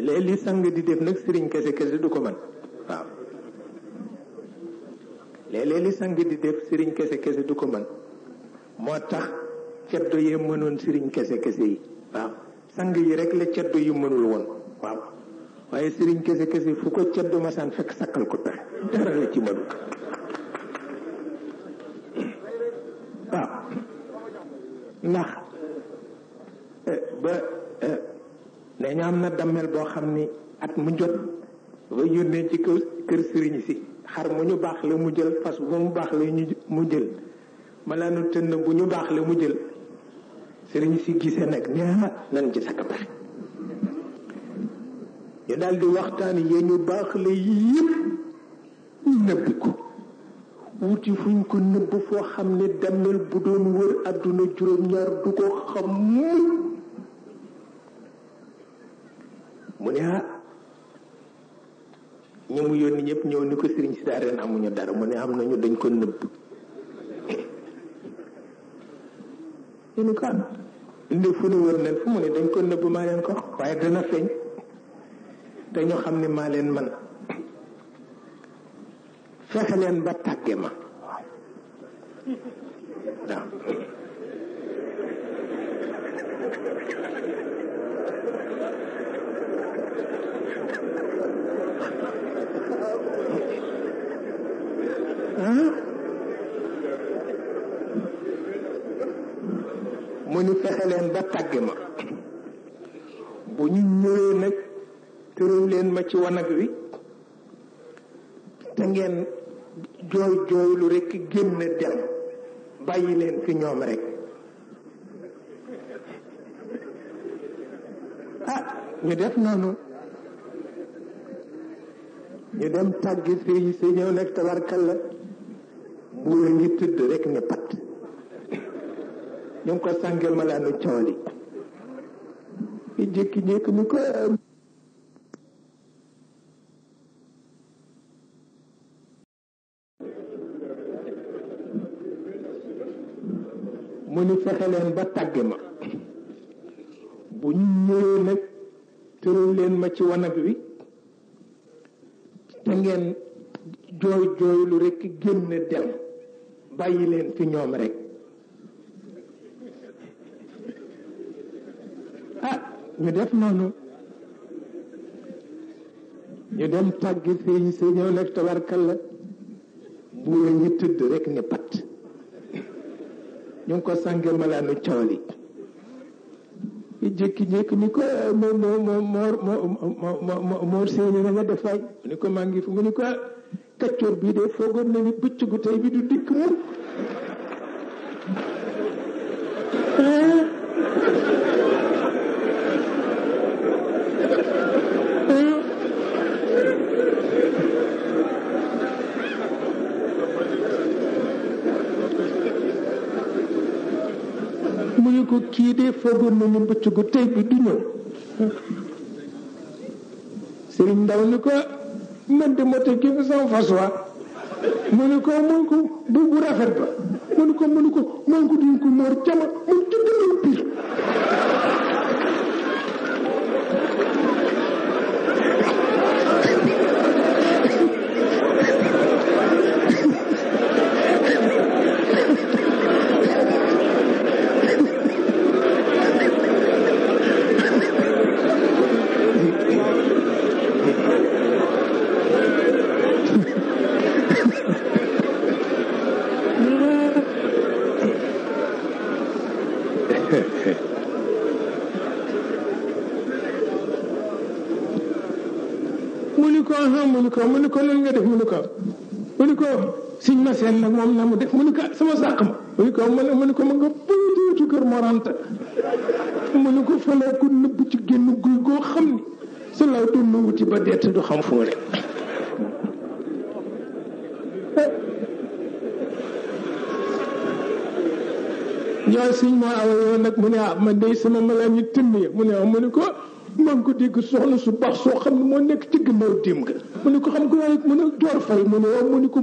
léeg li sang di def nag sëriñ kese kese du ko mën waaw léeg-léeg li sang di def sëriñ kese kese du ko mën moo tax ceddo yee mënoon sëriñ kese kese yi waaw sang yi rek la ceddo yu mënul woon waaw waaye sëriñ kese kese fu ko ceddo masaan fekk sakkal ko pexe dara la ci mënul waaw ndax dañu am na dammel boo xam ni at mu jot ba yónnee ci kaw kër sëriñ si xar mu ñu baax la mu jël fas bu mu baax la mu jël malaanu tënn bu ñu baax la mu jël sëriñ si gisee nag ne ah, nan ci sakk ñu daal waxtaan yee ñu baax la yëpp nëbbi ko wuti fuñ ko nëbb foo xam ne dammel bu doon wër àdduna juróom-ñaar du ko xam mu ne ah ñi mu yónni ñëpp ni ko sëriñ si daa ren amuñu dara mu ne am nañu dañ ko nëbb ñu ni ko am ah. indi fu ne wër nañ fu mu ne dañ ko nëbb maa leen ko waaye dana feeñ te ñu xam ne maa leen man fexe leen ba tàgge ma waaw mu ni fexe leen ba tàgge ma bu ñu ñëwee nag tëréw leen ma ci wanag wi te ngeen jooy jooylu rekk génn dem bàyyi leen fi ñoom rek ah ñu def noonu ñu dem tàggi sëriñ si ñëw nag tabarkal la buur a ngi tëdd rek ne ñu ngi ko sànge malaanu cooli i jékki mu ni fexe leen ba tàgg ma bu ñu ñëwee nag tëral leen ma ci wanag wi te ngeen jooy jooylu rekk génn dem bàyyi leen fi ñoom rekk ñu def noonu ñu dem tàgg fii si ñëw nag tabarkal la buur ñu tëdd rek ni pat ñu ngi ko sànge malaanu cawli ñu jékki-jékki ni ko ah, moor moo na nga def fay ko maa ngi fi mu ni ko ah, kaccoor bii de foogoon na ni bëccëgu tey bi du dikk mu mu ne ko kii de foogoon na ni mbëcc gu tey bi du ñëw sëriñ ndaw ni ko man de moo teg kii fas waa mu ne ko mun ko bu bu rafet ba mu ne ko mu ne ko man ko duñ ko moor cama mun ci dundal piir mu ni ko ah mu ni ko mu ni ko noonu nga def mu ni ko mu ni ko siñ ma seen nag moom na mu def mu ni ko sama sàq ma mu ni ko mu ni ko ma nga bëndiitu kër moranta mu ni ko fële ko nëbb ci génn guy goo xam ni su law doon wuti ba dett du xam fu mu ne ñooy suñ moo awa nag mu ne ah man sama malaan yi timm ya. mu ne ah, mu ko man ko dégg soxla su baax soo xam ci mu ko xam ko mu fay mu mu ko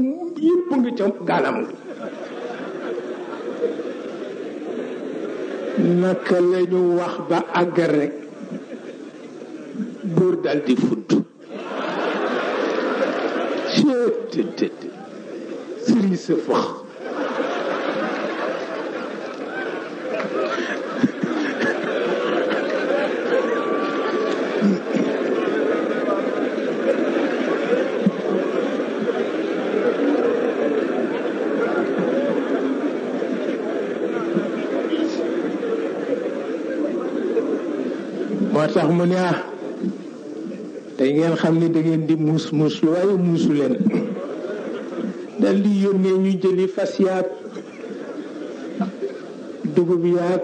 nga lañu wax ba rek dal di fudd cëtt sëriñ sa fax sax mu ne ah tey ngeen xam ne dangeen di muus muus lu waaye muusu leen dal di yónnee ñu jëli fas yaag dugub yaag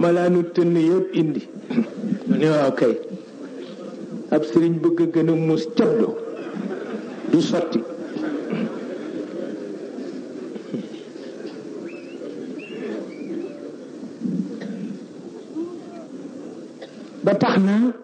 malaanu tënn yëpp indi mu ne waaw kay ab sëriñ bëgg gën a muus caddo du sotti فتحنا